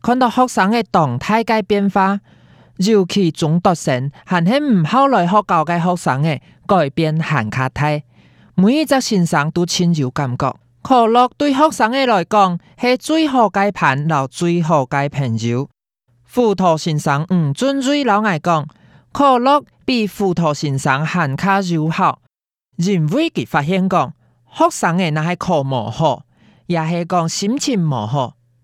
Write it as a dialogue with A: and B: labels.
A: 看到學生的動態嘅變化，尤其中學性，係喺唔好來學校嘅學生嘅改變限卡睇。每一個先生都親有感覺，可樂對學生的來講係最好該品，留最好該朋友。輔導先生唔准追老外講，可樂比輔導先生限卡有效。認為佢發現講，學生的那係課無好，也係講心情無好。